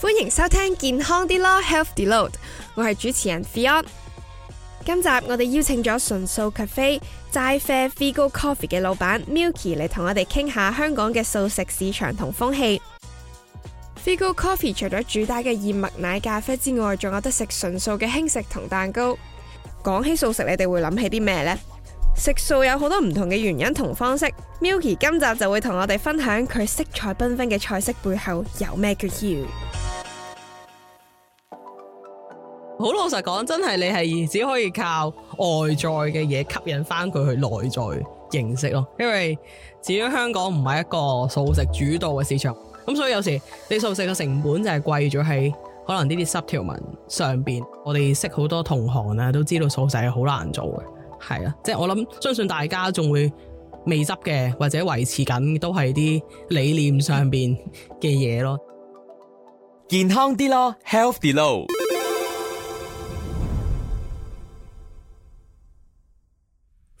歡迎收聽健康啲咯，Healthy Load，我係主持人 Fiona。今集我哋邀請咗純素 cafe 齋啡 Vego Coffee 嘅老闆 Milky 嚟同我哋傾下香港嘅素食市場同風氣。Vego Coffee 除咗主打嘅燕麥奶咖啡之外，仲有得食純素嘅輕食同蛋糕。講起素食，你哋會諗起啲咩呢？食素有好多唔同嘅原因同方式。Milky 今集就會同我哋分享佢色彩繽紛嘅菜式背後有咩訣竅。好老實講，真係你係只可以靠外在嘅嘢，吸引翻佢去內在認識咯。因為至於香港唔係一個素食主導嘅市場，咁所以有時你素食嘅成本就係貴咗喺可能呢啲濕條文上邊。我哋識好多同行啦，都知道素食係好難做嘅。係啊，即係我諗，相信大家仲會未執嘅，或者維持緊都係啲理念上邊嘅嘢咯，健康啲咯，healthy low。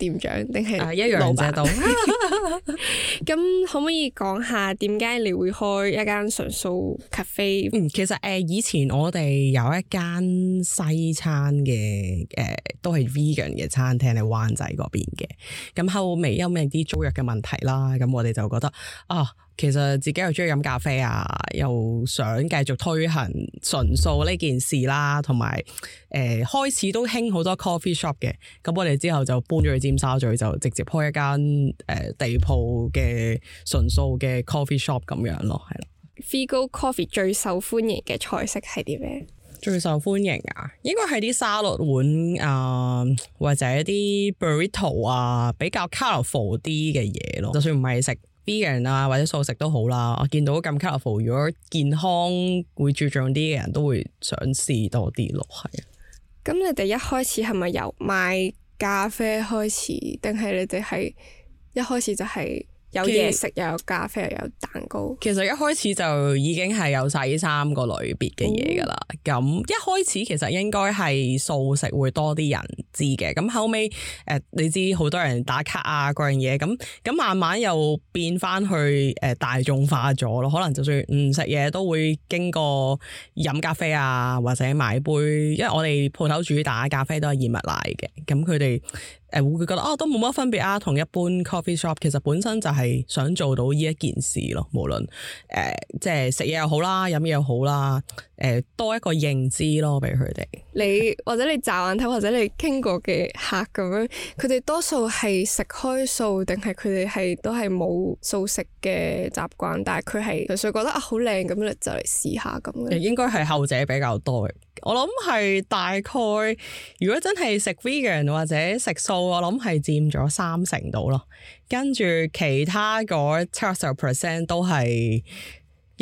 店長定係老闆？咁， 可唔可以講下點解你會開一間純素 cafe？嗯，其實誒、呃，以前我哋有一間西餐嘅誒、呃，都係 vegan 嘅餐廳喺灣仔嗰邊嘅。咁、嗯、後尾因為啲租約嘅問題啦，咁我哋就覺得啊。其實自己又中意飲咖啡啊，又想繼續推行純素呢件事啦，同埋誒開始都興好多 coffee shop 嘅。咁我哋之後就搬咗去尖沙咀，就直接開一間誒、呃、地鋪嘅純素嘅 coffee shop 咁樣咯，係啦。Vego Coffee 最受歡迎嘅菜式係啲咩？最受歡迎啊，應該係啲沙律碗啊、呃，或者一啲 burrito 啊，比較 colorful 啲嘅嘢咯。就算唔係食啲人啊，或者素食都好啦。我見到咁 colourful 如果健康會注重啲嘅人都會想試多啲咯。係啊，咁你哋一開始係咪由賣咖啡開始，定係你哋係一開始就係、是？有嘢食，又有咖啡，又有蛋糕。其實一開始就已經係有晒呢三個類別嘅嘢噶啦。咁、嗯、一開始其實應該係素食會多啲人知嘅。咁後尾誒、呃，你知好多人打卡啊，各樣嘢。咁咁慢慢又變翻去誒大眾化咗咯。可能就算唔食嘢，都會經過飲咖啡啊，或者買杯，因為我哋鋪頭主打咖啡都係燕麥奶嘅。咁佢哋。誒會覺得、哦、啊，都冇乜分別啊，同一般 coffee shop。其實本身就係想做到呢一件事咯，無論誒、呃、即係食嘢又好啦，飲嘢又好啦。誒多一個認知咯，俾佢哋。你或者你驟眼睇，或者你傾過嘅客咁樣，佢哋多數係食開素，定係佢哋係都係冇素食嘅習慣，但係佢係純粹覺得啊好靚咁，你就嚟試下咁？應該係後者比較多嘅，我諗係大概，如果真係食 vegan 或者食素，我諗係佔咗三成度咯，跟住其他嗰七十 percent 都係。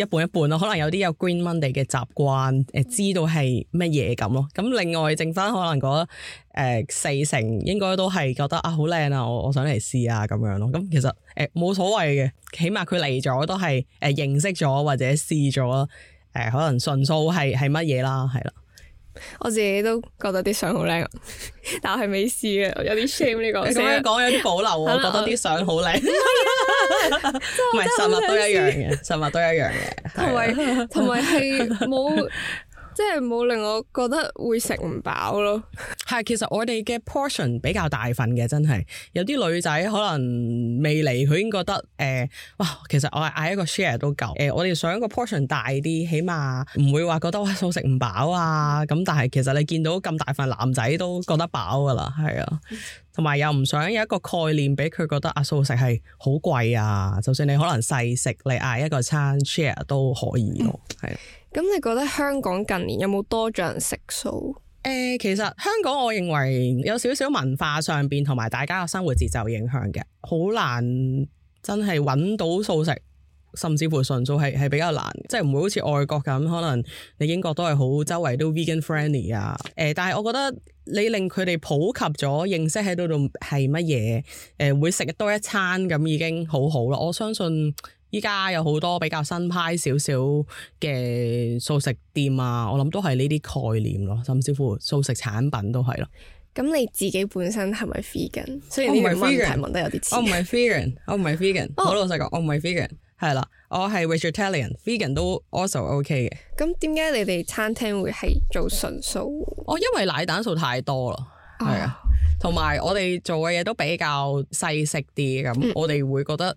一半一半咯，可能有啲有 Green Monday 嘅習慣，誒知道係乜嘢咁咯。咁另外剩翻可能嗰誒四成應該都係覺得啊好靚啊，我我想嚟試啊咁樣咯。咁其實誒冇所謂嘅，起碼佢嚟咗都係誒認識咗或者試咗誒，可能純素係係乜嘢啦，係啦。我自己都覺得啲相好靚，但係未試嘅，有啲 shame 呢個。你咁 樣講有啲保留，我 覺得啲相好靚，唔係實物都一樣嘅，實物都一樣嘅，同埋同埋係冇。即係冇令我覺得會食唔飽咯。係，其實我哋嘅 portion 比較大份嘅，真係有啲女仔可能未嚟，佢已經覺得誒、呃，哇！其實我係嗌一個 share 都夠。誒、呃，我哋想個 portion 大啲，起碼唔會話覺得哇素食唔飽啊。咁但係其實你見到咁大份男仔都覺得飽㗎啦，係啊。同埋 又唔想有一個概念俾佢覺得啊素食係好貴啊。就算你可能細食，你嗌一個餐 share 都可以咯，係 咁你覺得香港近年有冇多咗人食素？誒、呃，其實香港我認為有少少文化上面同埋大家嘅生活節奏影響嘅，好難真係搵到素食，甚至乎純素係係比較難，即係唔會好似外國咁，可能你英國都係好周圍都 vegan friendly 啊。誒、呃，但係我覺得你令佢哋普及咗認識喺度度係乜嘢，誒、呃，會食多一餐咁已經好好啦。我相信。依家有好多比較新派少少嘅素食店啊，我諗都係呢啲概念咯，甚至乎素食產品都係咯。咁、嗯、你自己本身係咪 vegan？雖然呢個問題問得有啲，我唔係 vegan，我唔係 vegan。我老實講，我唔係 vegan，係啦，我係 vegetarian。vegan 都 also ok 嘅。咁點解你哋餐廳會係做純素？我因為奶蛋素太多啦，係、哦、啊，同、嗯、埋我哋做嘅嘢都比較西食啲，咁我哋會覺得。嗯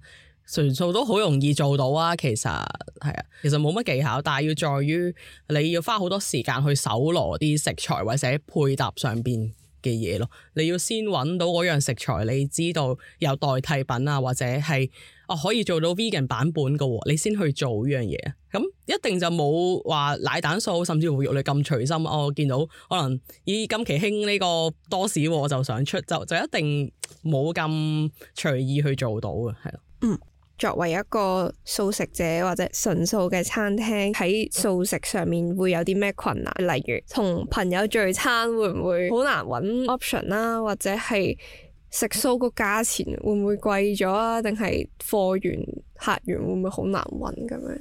純素都好容易做到啊！其實係啊，其實冇乜技巧，但係要在於你要花好多時間去搜羅啲食材或者配搭上邊嘅嘢咯。你要先揾到嗰樣食材，你知道有代替品啊，或者係哦可以做到 vegan 版本嘅喎，你先去做呢樣嘢。咁、嗯、一定就冇話奶蛋素甚至乎肉類咁隨心。我見到可能以今期興呢個多士鍋，我就想出就就一定冇咁隨意去做到嘅，係咯，嗯。作為一個素食者或者純素嘅餐廳喺素食上面會有啲咩困難？例如同朋友聚餐會唔會好難揾 option 啦，或者係食素個價錢會唔會貴咗啊？定係貨源客源會唔會好難揾咁樣？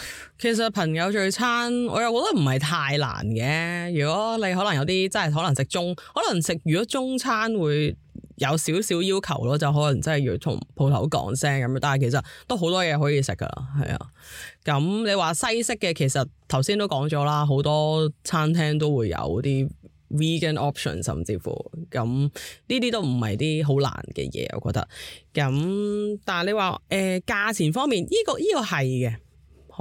其實朋友聚餐，我又覺得唔係太難嘅。如果你可能有啲真係可能食中，可能食如果中餐會有少少要求咯，就可能真係要同鋪頭講聲咁。但係其實都好多嘢可以食噶，係啊。咁、嗯、你話西式嘅，其實頭先都講咗啦，好多餐廳都會有啲 vegan option，甚至乎咁呢啲都唔係啲好難嘅嘢，我覺得。咁、嗯、但係你話誒價錢方面，呢個呢個係嘅。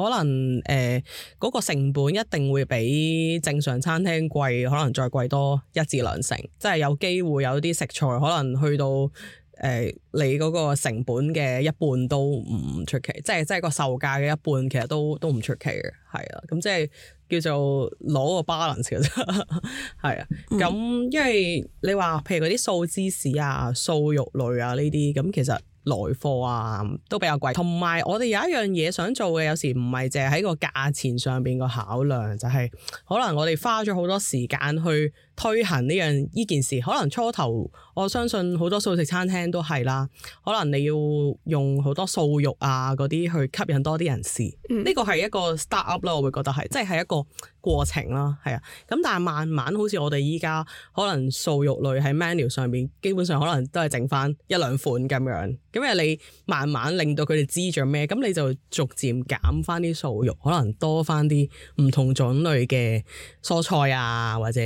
可能誒嗰、呃嗰個成本一定會比正常餐廳貴，可能再貴多一至兩成，即係有機會有啲食材可能去到誒、呃、你嗰個成本嘅一半都唔出奇，即係即係個售價嘅一半其實都都唔出奇嘅，係啊，咁即係叫做攞個 balance 嘅啫，係 啊的，咁、嗯、因為你話譬如嗰啲素芝士啊、素肉類啊呢啲，咁其實。來貨啊，都比較貴。同埋我哋有一樣嘢想做嘅，有時唔係淨係喺個價錢上邊個考量，就係可能我哋花咗好多時間去推行呢樣依件事。可能初頭，我相信好多素食餐廳都係啦，可能你要用好多素肉啊嗰啲去吸引多啲人士。呢個係一個 start up 啦，我會覺得係，即係係一個過程啦，係啊。咁但係慢慢，好似我哋依家可能素肉類喺 menu 上面基本上可能都係整翻一兩款咁樣。咁啊！你慢慢令到佢哋知咗咩，咁你就逐漸減翻啲素肉，可能多翻啲唔同種類嘅蔬菜啊，或者。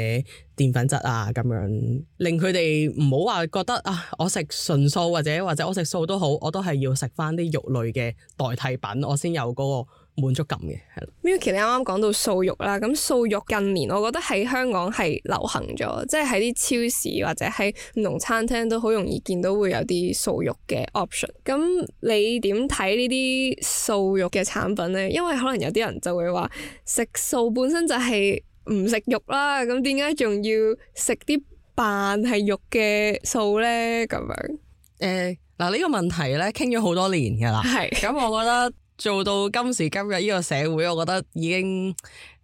澱粉質啊，咁樣令佢哋唔好話覺得啊，我食純素或者或者我食素都好，我都係要食返啲肉類嘅代替品，我先有嗰個滿足感嘅。係啦，Milky，你啱啱講到素肉啦，咁素肉近年我覺得喺香港係流行咗，即係喺啲超市或者喺唔同餐廳都好容易見到會有啲素肉嘅 option。咁你點睇呢啲素肉嘅產品咧？因為可能有啲人就會話食素本身就係、是。唔食肉啦，咁點解仲要食啲扮係肉嘅素咧？咁樣誒，嗱呢個問題咧，傾咗好多年㗎啦。係咁是， 我覺得做到今時今日呢個社會，我覺得已經誒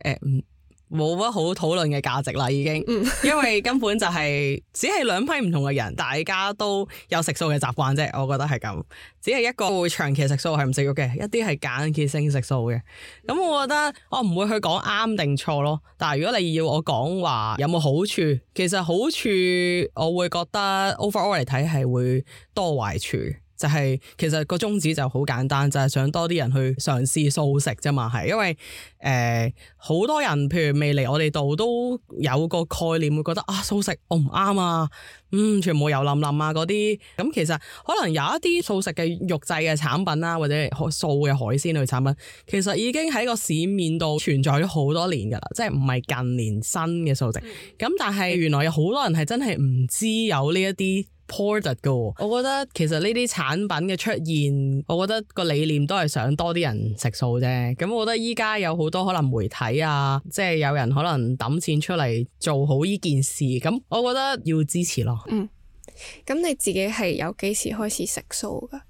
嗯。呃冇乜好討論嘅價值啦，已經， 因為根本就係只係兩批唔同嘅人，大家都有食素嘅習慣啫。我覺得係咁，只係一個會長期食素係唔食肉嘅，一啲係間歇性食素嘅。咁我覺得我唔、哦、會去講啱定錯咯。但係如果你要我講話有冇好處，其實好處我會覺得 overall 嚟睇係會多壞處。就係、是、其實個宗旨就好簡單，就係、是、想多啲人去嘗試素食啫嘛。係因為誒，好、呃、多人譬如未嚟我哋度都有個概念，會覺得啊，素食我唔啱啊，嗯，全部油淋淋啊嗰啲。咁、嗯、其實可能有一啲素食嘅肉製嘅產品啊，或者素嘅海鮮類產品，其實已經喺個市面度存在咗好多年㗎啦。即係唔係近年新嘅素食？咁、嗯、但係原來有好多人係真係唔知有呢一啲。我覺得其實呢啲產品嘅出現，我覺得個理念都係想多啲人食素啫。咁我覺得依家有好多可能媒體啊，即係有人可能抌錢出嚟做好呢件事，咁我覺得要支持咯。嗯，咁你自己係有幾時開始食素噶？誒、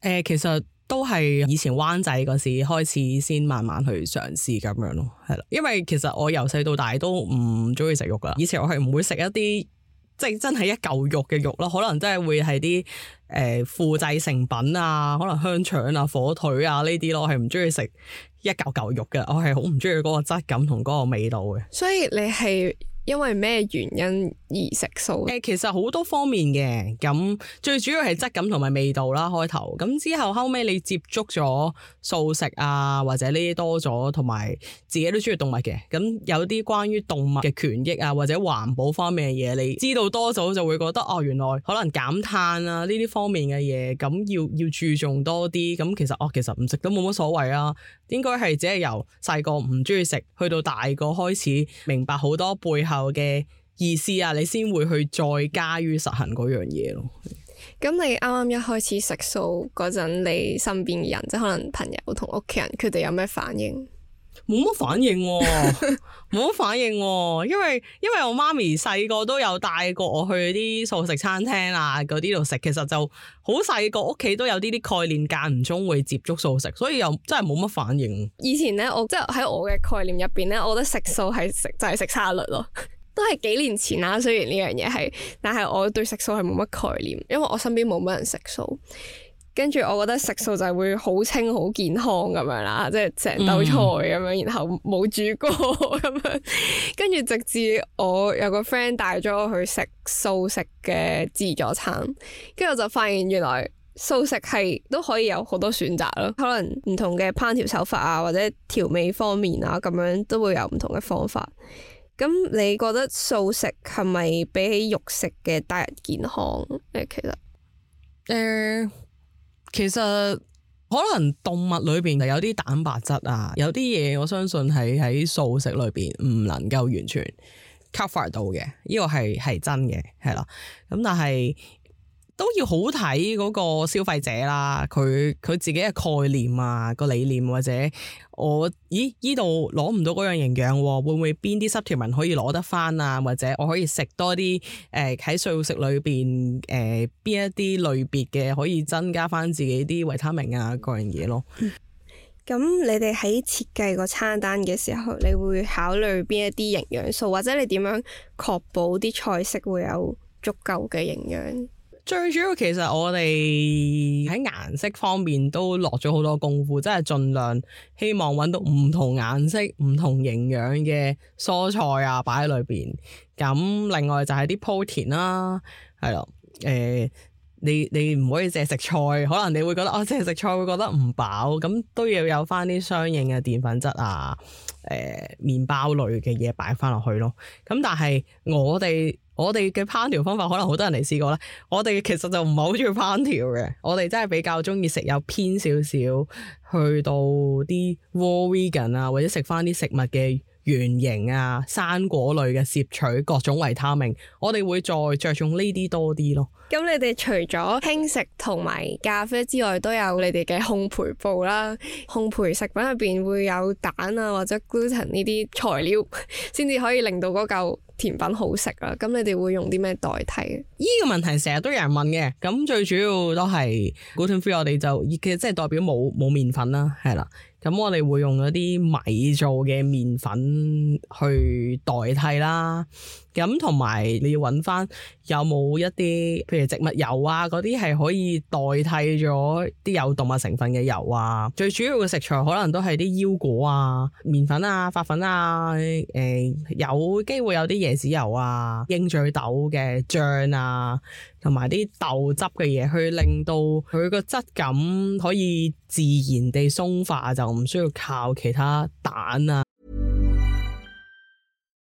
呃，其實都係以前灣仔嗰時開始，先慢慢去嘗試咁樣咯，係啦。因為其實我由細到大都唔中意食肉噶，以前我係唔會食一啲。即真係一嚿肉嘅肉咯，可能真係會係啲誒副製成品啊，可能香腸啊、火腿啊呢啲咯，我係唔中意食一嚿嚿肉嘅，我係好唔中意嗰個質感同嗰個味道嘅。所以你係。因為咩原因而食素？誒，其實好多方面嘅，咁最主要係質感同埋味道啦。開頭咁之後後尾你接觸咗素食啊，或者呢啲多咗，同埋自己都中意動物嘅。咁有啲關於動物嘅權益啊，或者環保方面嘅嘢，你知道多咗就會覺得哦，原來可能減碳啊，呢啲方面嘅嘢，咁要要注重多啲。咁其實哦，其實唔食都冇乜所謂啊。應該係只係由細個唔中意食，去到大個開始明白好多背後嘅意思啊，你先會去再加於實行嗰樣嘢咯。咁你啱啱一開始食素嗰陣，你身邊嘅人即係可能朋友同屋企人，佢哋有咩反應？冇乜反應、啊，冇乜 反應、啊，因為因為我媽咪細個都有帶過我去啲素食餐廳啊嗰啲度食，其實就好細個屋企都有呢啲概念，間唔中會接觸素食，所以又真係冇乜反應。以前呢，我即係喺我嘅概念入邊呢，我覺得食素係食就係食沙律咯，都係幾年前啦。雖然呢樣嘢係，但係我對食素係冇乜概念，因為我身邊冇乜人食素。跟住，我覺得食素就係會好清、好健康咁樣啦，即係成兜菜咁樣，然後冇煮過咁樣。跟 住直至我有個 friend 帶咗我去食素食嘅自助餐，跟住我就發現原來素食係都可以有好多選擇咯。可能唔同嘅烹調手法啊，或者調味方面啊，咁樣都會有唔同嘅方法。咁你覺得素食係咪比起肉食嘅帶人健康？誒，其實誒。呃其實可能動物裏邊係有啲蛋白質啊，有啲嘢，我相信係喺素食裏邊唔能夠完全 cover 到嘅，呢個係係真嘅，係啦，咁但係。都要好睇嗰個消費者啦，佢佢自己嘅概念啊，個理念，啊，或者我咦呢度攞唔到嗰樣營養，啊，會唔會邊啲濕條文可以攞得翻啊？或者我可以多，呃，食多啲誒喺素食裏邊誒邊一啲類別嘅可以增加翻自己啲維他命啊嗰樣嘢咯，啊。咁，嗯、你哋喺設計個餐單嘅時候，你會考慮邊一啲營養素，或者你點樣確保啲菜式會有足夠嘅營養？最主要，其實我哋喺顏色方面都落咗好多功夫，即係盡量希望揾到唔同顏色、唔同營養嘅蔬菜啊，擺喺裏邊。咁另外就係啲鋪田啦、啊，係咯，誒、呃，你你唔可以淨係食菜，可能你會覺得哦，淨係食菜會覺得唔飽，咁都要有翻啲相應嘅澱粉質啊，誒、呃，麵包類嘅嘢擺翻落去咯。咁但係我哋。我哋嘅烹調方法，可能好多人嚟試過啦。我哋其實就唔係好中意烹調嘅，我哋真係比較中意食有偏少少，去到啲 whole region 啊，或者食翻啲食物嘅原型啊、生果類嘅攝取各種維他命。我哋會再着重呢啲多啲咯。咁你哋除咗輕食同埋咖啡之外，都有你哋嘅烘焙布啦，烘焙食品入邊會有蛋啊或者 gluten 呢啲材料，先至可以令到嗰嚿。甜品好食啦，咁你哋會用啲咩代替？依個問題成日都有人問嘅，咁最主要都係 gluten free，我哋就其實即係代表冇冇麵粉啦，係啦，咁我哋會用一啲米做嘅麵粉去代替啦。咁同埋你要揾返有冇一啲，譬如植物油啊嗰啲係可以代替咗啲有動物成分嘅油啊。最主要嘅食材可能都係啲腰果啊、麵粉啊、發粉啊。誒、呃、有機會有啲椰子油啊、鷹嘴豆嘅醬啊，同埋啲豆汁嘅嘢，去令到佢個質感可以自然地鬆化，就唔需要靠其他蛋啊。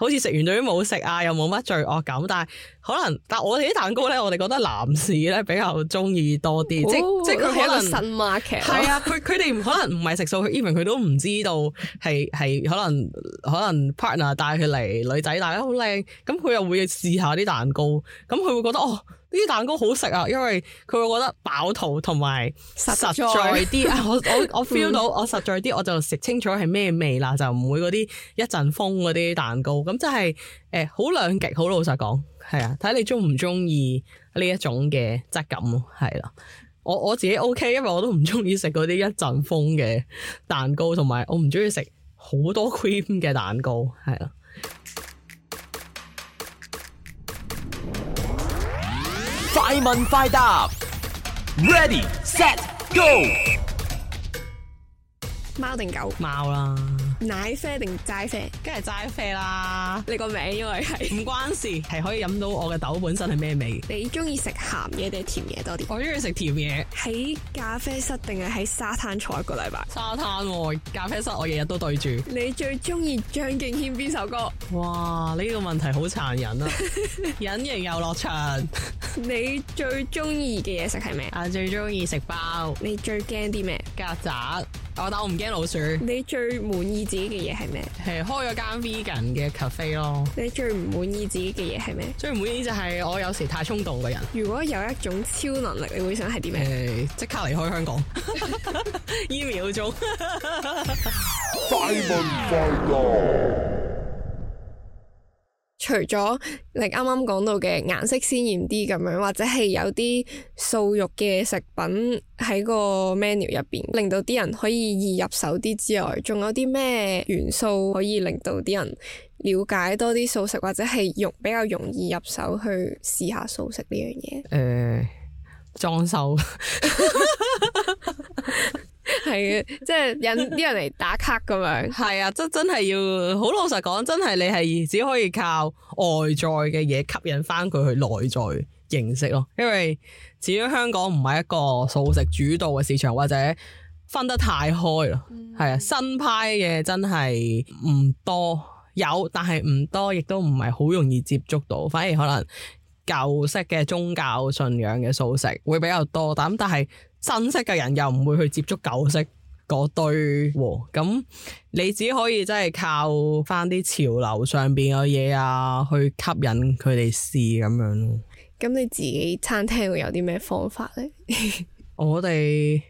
好似食完都冇食啊，又冇乜罪惡感，但係可能，但係我哋啲蛋糕咧，我哋覺得男士咧比較中意多啲，哦、即即佢可能新 market，係啊，佢佢哋可能唔係食素，even 佢都唔知道係係可能可能 partner 帶佢嚟，女仔帶得好靚，咁佢又會試下啲蛋糕，咁佢會覺得哦。呢啲蛋糕好食啊，因為佢會覺得飽肚同埋實在啲啊！ 我我我 feel 到我實在啲， 我就食清楚係咩味啦，就唔會嗰啲一陣風嗰啲蛋糕。咁即係誒，好兩極，好老實講，係啊，睇你中唔中意呢一種嘅質感咯，係啦，啊。我我自己 OK，因為我都唔中意食嗰啲一陣風嘅蛋糕，同埋我唔中意食好多 cream 嘅蛋糕，係啦，啊。快問快答，Ready Set Go。貓定狗？貓啦。奶啡定齋啡？梗係齋啡啦。你個名因為係。唔關事，係可以飲到我嘅豆本身係咩味？你中意食鹹嘢定係甜嘢多啲？我中意食甜嘢。喺咖啡室定係喺沙灘坐一個禮拜？沙灘、啊、咖啡室，我日日都對住。你最中意張敬軒邊首歌？哇，呢個問題好殘忍啊！隱 形遊樂場。 你最中意嘅嘢食係咩？啊，最中意食包。你最驚啲咩？曱甴。但我唔驚老鼠。你最滿意自己嘅嘢係咩？係開咗間 Vegan 嘅 cafe 咯。你最唔滿意自己嘅嘢係咩？最唔滿意就係我有時太衝動嘅人。如果有一種超能力，你會想係啲咩？誒、欸，即刻離開香港，一秒鐘。快運快運。除咗你啱啱講到嘅顏色鮮艷啲咁樣，或者係有啲素肉嘅食品喺個 menu 入邊，令到啲人可以易入手啲之外，仲有啲咩元素可以令到啲人了解多啲素食，或者係容比較容易入手去試下素食呢樣嘢？誒、呃，裝修。係嘅， 即係引啲人嚟打卡咁樣。係啊， 真真係要好老實講，真係你係只可以靠外在嘅嘢吸引翻佢去內在認識咯。因為至於香港唔係一個素食主導嘅市場，或者分得太開咯。係啊、嗯，新派嘅真係唔多，有但係唔多，亦都唔係好容易接觸到，反而可能舊式嘅宗教信仰嘅素食會比較多啲。但係。新式嘅人又唔會去接觸舊式嗰堆喎，咁哇你只可以真係靠翻啲潮流上面嘅嘢啊，去吸引佢哋試咁樣咯。咁你自己餐廳會有啲咩方法呢？ 我哋。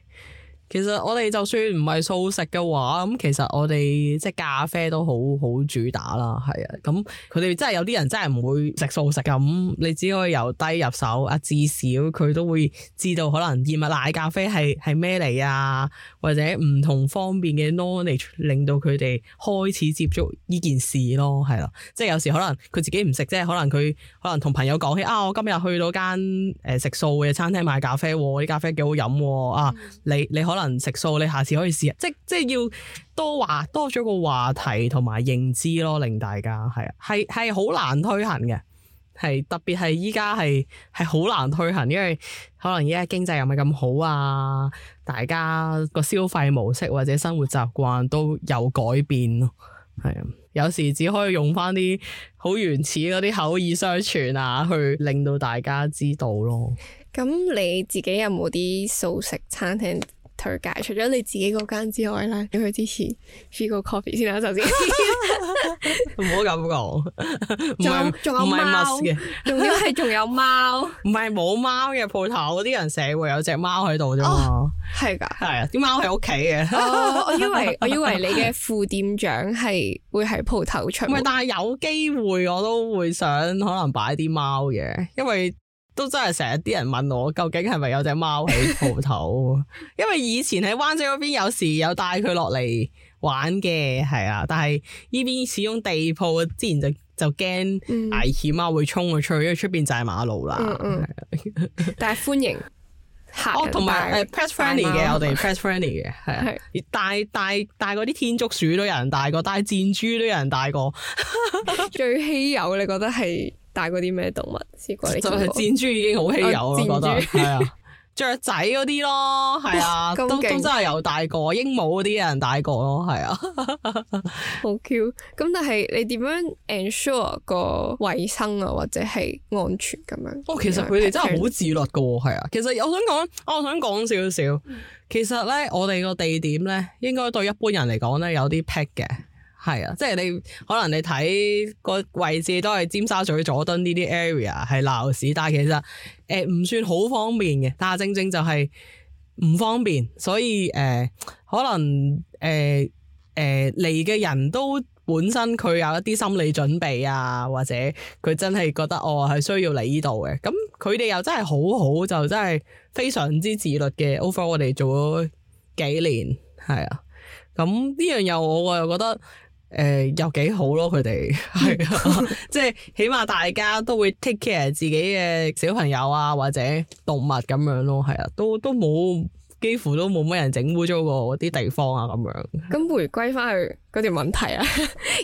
其實我哋就算唔係素食嘅話，咁其實我哋即係咖啡都好好主打啦，係啊。咁佢哋真係有啲人真係唔會食素食咁，你只可以由低入手。啊，至少佢都會知道可能燕麥奶咖啡係係咩嚟啊，或者唔同方面嘅 knowledge 令到佢哋開始接觸呢件事咯，係啦。即係有時可能佢自己唔食，即係可能佢可能同朋友講起啊，我今日去到間誒食素嘅餐廳買咖啡，啲、啊、咖啡幾好飲喎啊！你你可能。可能食素，你下次可以試下，即即係要多話多咗個話題同埋認知咯，令大家係啊，係係好難推行嘅，係特別係依家係係好難推行，因為可能依家經濟又唔係咁好啊，大家個消費模式或者生活習慣都有改變咯，係啊，有時只可以用翻啲好原始嗰啲口耳相傳啊，去令到大家知道咯。咁你自己有冇啲素食餐廳？推介除咗你自己嗰間之外啦，你去之前個咖啡個 coffee 先啦，首先唔好咁講，仲有仲有唔係貓嘅，仲有係仲 有貓，唔係冇貓嘅鋪頭，啲人寫喎有隻貓喺度啫嘛，係噶、哦，係啊，啲貓喺屋企嘅，我以為我以為你嘅副店長係會喺鋪頭出，唔係， 但係有機會我都會想可能擺啲貓嘅，因為。都真係成日啲人問我究竟係咪有隻貓喺鋪頭，因為以前喺灣仔嗰邊有時有帶佢落嚟玩嘅，係啊，但係呢邊始終地鋪，之前就就驚危險啊，會衝佢出去，因為出邊就係馬路啦。嗯嗯的但係歡迎客，同埋誒 Pet Friendly 嘅，我哋 Pet Friendly 嘅係啊，帶帶帶啲天竺鼠都有人帶過，帶箭豬都有人帶過， 最稀有你覺得係？大嗰啲咩動物試過嚟？就係箭豬已經好稀有咯，我覺得係啊，雀仔嗰啲咯，係啊，都都真係有大過鸚鵡嗰啲人大過咯，係啊，好 cute。咁但係你點樣 ensure 個衛生啊，或者係安全咁樣？哦，其實佢哋真係好自律噶，係啊。 其實我想講、哦，我想講少少。其實咧，我哋個地點咧，應該對一般人嚟講咧，有啲 pet 嘅。係啊，即係你可能你睇個位置都係尖沙咀佐敦呢啲 area 係鬧市，但係其實誒唔算好方便嘅，但係正正就係唔方便，所以誒可能誒誒嚟嘅人都本身佢有一啲心理準備啊，或者佢真係覺得我係需要嚟呢度嘅，咁佢哋又真係好好，就真係非常之自律嘅。Overall 我哋做咗幾年，係啊，咁呢樣又我又覺得。誒又、呃、幾好咯，佢哋係啊，即係起碼大家都會 take care 自己嘅小朋友啊，或者動物咁樣咯，係啊，都都冇幾乎都冇乜人整污糟過啲地方啊咁樣。咁回歸翻去嗰條問題啊，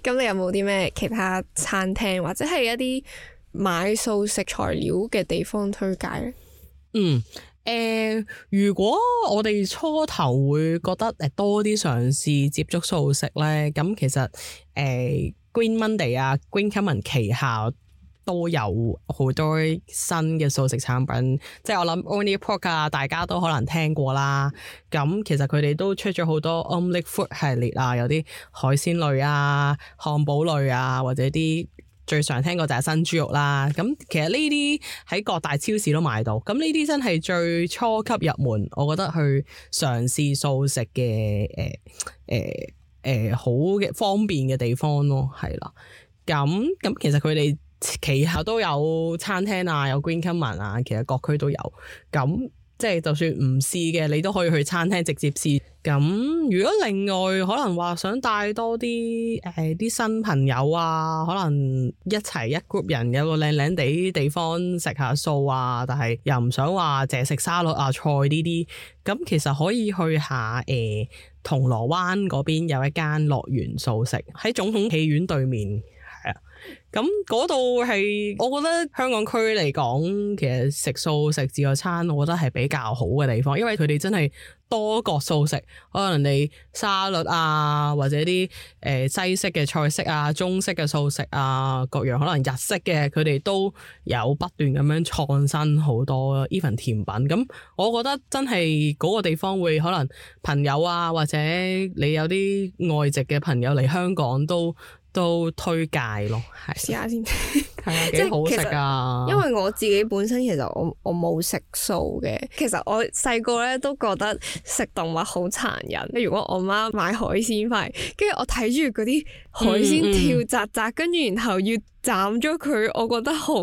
咁 你有冇啲咩其他餐廳或者係一啲買素食材料嘅地方推介咧？嗯。誒、呃，如果我哋初頭會覺得誒多啲嘗試接觸素食咧，咁其實誒、呃、Green Monday 啊、Green Common 旗下都有好多新嘅素食產品，即係我諗 Omni Pork 啊，大家都可能聽過啦。咁其實佢哋都出咗好多 Omni Food 系列啊，有啲海鮮類啊、漢堡類啊，或者啲。最常聽過就係新豬肉啦，咁其實呢啲喺各大超市都買到，咁呢啲真係最初級入門，我覺得去嘗試素食嘅誒誒誒好嘅方便嘅地方咯，係啦，咁咁其實佢哋旗下都有餐廳啊，有 Green Common 啊，其實各區都有咁。即係就算唔試嘅，你都可以去餐廳直接試。咁如果另外可能話想帶多啲誒啲新朋友啊，可能一齊一 group 人，有個靚靚哋地方食下素啊，但係又唔想話淨食沙律啊菜呢啲，咁其實可以去下誒、呃、銅鑼灣嗰邊有一間樂園素食喺總統戲院對面。咁嗰度係，我覺得香港區嚟講，其實食素食自助餐，我覺得係比較好嘅地方，因為佢哋真係多國素食，可能你沙律啊，或者啲誒、呃、西式嘅菜式啊，中式嘅素食啊，各樣可能日式嘅，佢哋都有不斷咁樣創新好多，even 甜品。咁、嗯、我覺得真係嗰個地方會可能朋友啊，或者你有啲外籍嘅朋友嚟香港都。都推介咯，係。試下先，係 啊，幾好食啊！因為我自己本身其實我我冇食素嘅，其實我細個咧都覺得食動物好殘忍。如果我媽買海鮮翻嚟，跟住我睇住嗰啲海鮮跳扎扎，跟住、嗯嗯、然後要斬咗佢，我覺得好。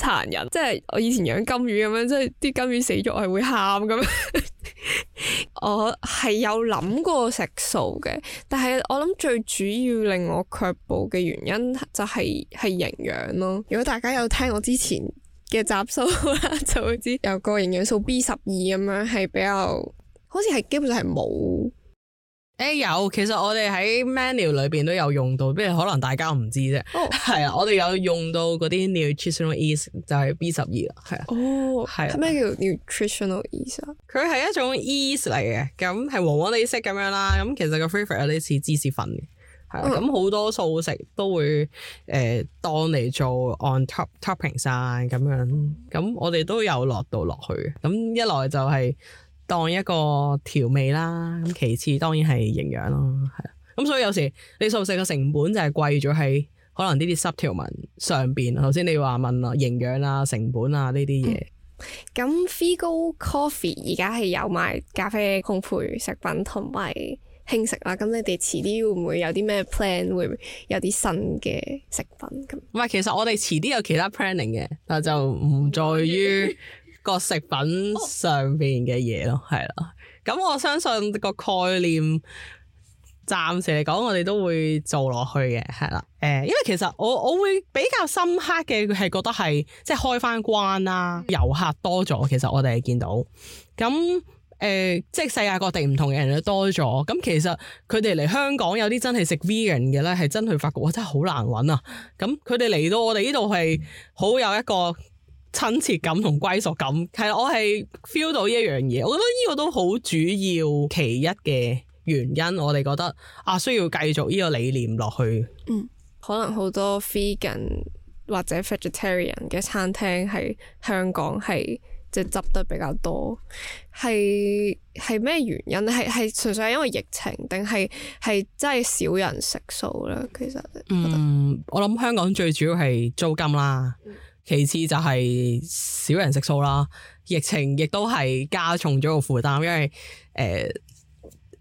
殘忍，即係我以前養金魚咁樣，即係啲金魚死咗係會喊咁樣。我係 有諗過食素嘅，但係我諗最主要令我卻步嘅原因就係係營養咯。如果大家有聽我之前嘅集數啦， 就會知有個營養素 B 十二，咁樣係比較，好似係基本上係冇。誒有，其實我哋喺 menu 裏邊都有用到，不如可能大家唔知啫。係啊、哦，我哋有用到嗰啲 nutritional yeast，就係 B 十二啦。係啊。哦。係啊，咩叫 nutritional yeast 啊？佢係一種 yeast 嚟嘅，咁係黃黃哋色咁樣啦。咁其實個 favorite 有啲似芝士粉嘅，係啊。咁好、嗯、多素食都會誒、呃、當嚟做 on top topping 晒啊咁樣。咁我哋都有落到落去嘅。咁一來就係、是。當一個調味啦，咁其次當然係營養咯，係啊，咁所以有時你素食嘅成本就係貴咗喺可能呢啲濕調味上邊。頭先你話問啊，營養啊，成本啊呢啲嘢。咁 Vego、嗯、Coffee 而家係有賣咖啡烘焙食品同埋輕食啦，咁你哋遲啲會唔會有啲咩 plan 會有啲新嘅食品咁？唔係、嗯，其實我哋遲啲有其他 planning 嘅，但就唔在於、嗯。 個食品上邊嘅嘢咯，係啦，咁我相信個概念，暫時嚟講，我哋都會做落去嘅，係啦，誒，因為其實我我會比較深刻嘅係覺得係，即係開翻關啦、啊，遊客多咗，其實我哋係見到，咁誒、呃，即係世界各地唔同嘅人咧多咗，咁其實佢哋嚟香港有啲真係食 vegan 嘅咧，係真係發覺我真係好難揾啊，咁佢哋嚟到我哋呢度係好有一個。親切感同歸屬感，係我係 feel 到呢一樣嘢，我覺得呢個都好主要其一嘅原因。我哋覺得啊，需要繼續呢個理念落去。嗯，可能好多 vegan 或者 vegetarian 嘅餐廳喺香港係即係執得比較多，係係咩原因？係係純粹係因為疫情，定係係真係少人食素啦？其實，嗯，我諗香港最主要係租金啦。其次就係少人食素啦，疫情亦都係加重咗個負擔，因為誒、呃、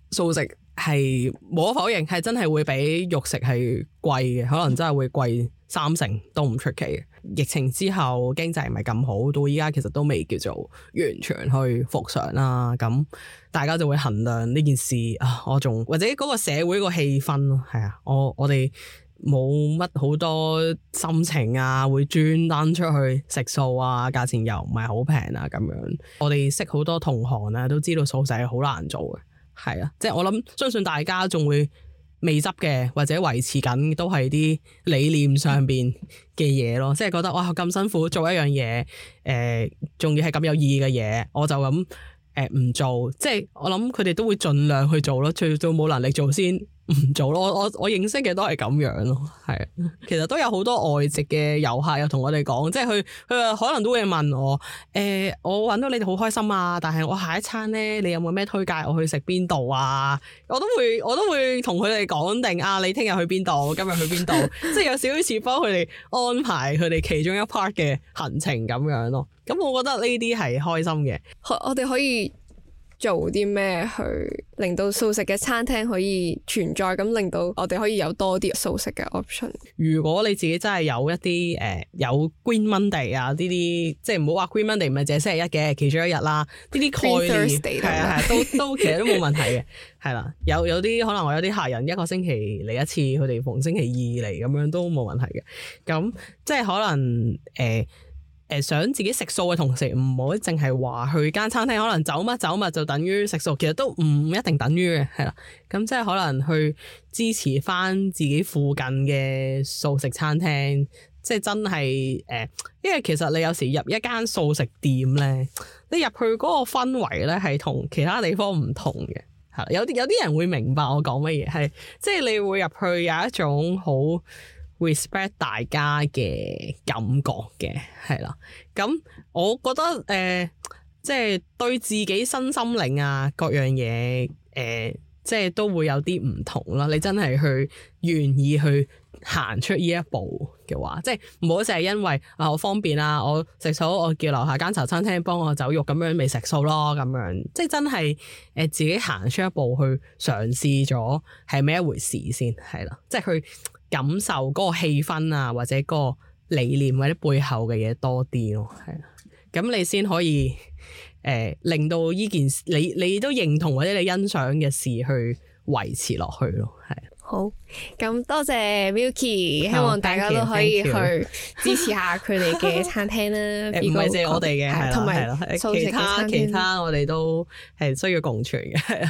素食係冇可否認係真係會比肉食係貴嘅，可能真係會貴三成都唔出奇。疫情之後經濟唔係咁好，到依家其實都未叫做完全去復常啦。咁大家就會衡量呢件事啊，我仲或者嗰個社會個氣氛咯，係啊，我我哋。冇乜好多心情啊，會專登出去食素啊，價錢又唔係好平啊，咁樣。我哋識好多同行啊，都知道素食係好難做嘅，係啊。即係我諗，相信大家仲會未執嘅，或者維持緊都係啲理念上邊嘅嘢咯。即係覺得哇，咁辛苦做一樣嘢，誒，仲要係咁有意義嘅嘢，我就咁誒唔做。即係我諗，佢哋都會盡量去做咯，最到冇能力做先。唔做咯，我我我認識嘅都係咁樣咯，係啊，其實都有好多外籍嘅遊客又同我哋講，即係佢佢可能都會問我，誒、欸，我揾到你哋好開心啊，但係我下一餐咧，你有冇咩推介我去食邊度啊？我都會我都會同佢哋講定啊，你聽日去邊度，我今日去邊度， 即係有少少似幫佢哋安排佢哋其中一 part 嘅行程咁樣咯。咁我覺得呢啲係開心嘅，我哋可以，做啲咩去令到素食嘅餐廳可以存在，咁令到我哋可以有多啲素食嘅 option。如果你自己真係有一啲誒、呃、有 Green Monday 啊呢啲，即係唔好話 Green Monday 唔係淨係星期一嘅其中一日啦、啊，呢啲概念係 Three Thursday 啊係啊，都都，都其實都冇問題嘅，係啦、 啊。有有啲可能我有啲客人一個星期嚟一次，佢哋逢星期二嚟咁樣都冇問題嘅。咁即係可能誒。呃誒、呃、想自己食素嘅同時，唔好淨係話去間餐廳，可能走乜走乜就等於食素，其實都唔一定等於嘅，係啦。咁、嗯、即係可能去支持翻自己附近嘅素食餐廳，即係真係誒、呃，因為其實你有時入一間素食店咧，你入去嗰個氛圍咧係同其他地方唔同嘅，係啦，有啲有啲人會明白我講乜嘢，係即係你會入去有一種好。Respect 大家嘅感覺嘅，係啦。咁我覺得誒、呃，即係對自己身心靈啊，各樣嘢誒、呃，即係都會有啲唔同啦。你真係去願意去行出呢一步嘅話，即係唔好就係因為唔好淨係因為啊好、呃、方便啊，我食素我叫樓下間茶餐廳幫我走肉咁樣未食素咯，咁樣即係真係誒、呃、自己行出一步去嘗試咗係咩一回事先係啦，即係去。感受嗰個氣氛啊，或者嗰個理念或者背後嘅嘢多啲咯，係啊，咁你先可以誒、呃、令到依件事你你都認同或者你欣賞嘅事去維持落去咯，係啊。好，咁多謝，謝 Milky，希望大家都可以去支持下佢哋嘅餐廳啦。唔係謝我哋嘅，同埋、嗯、其他其他，其他我哋都係需要共存嘅。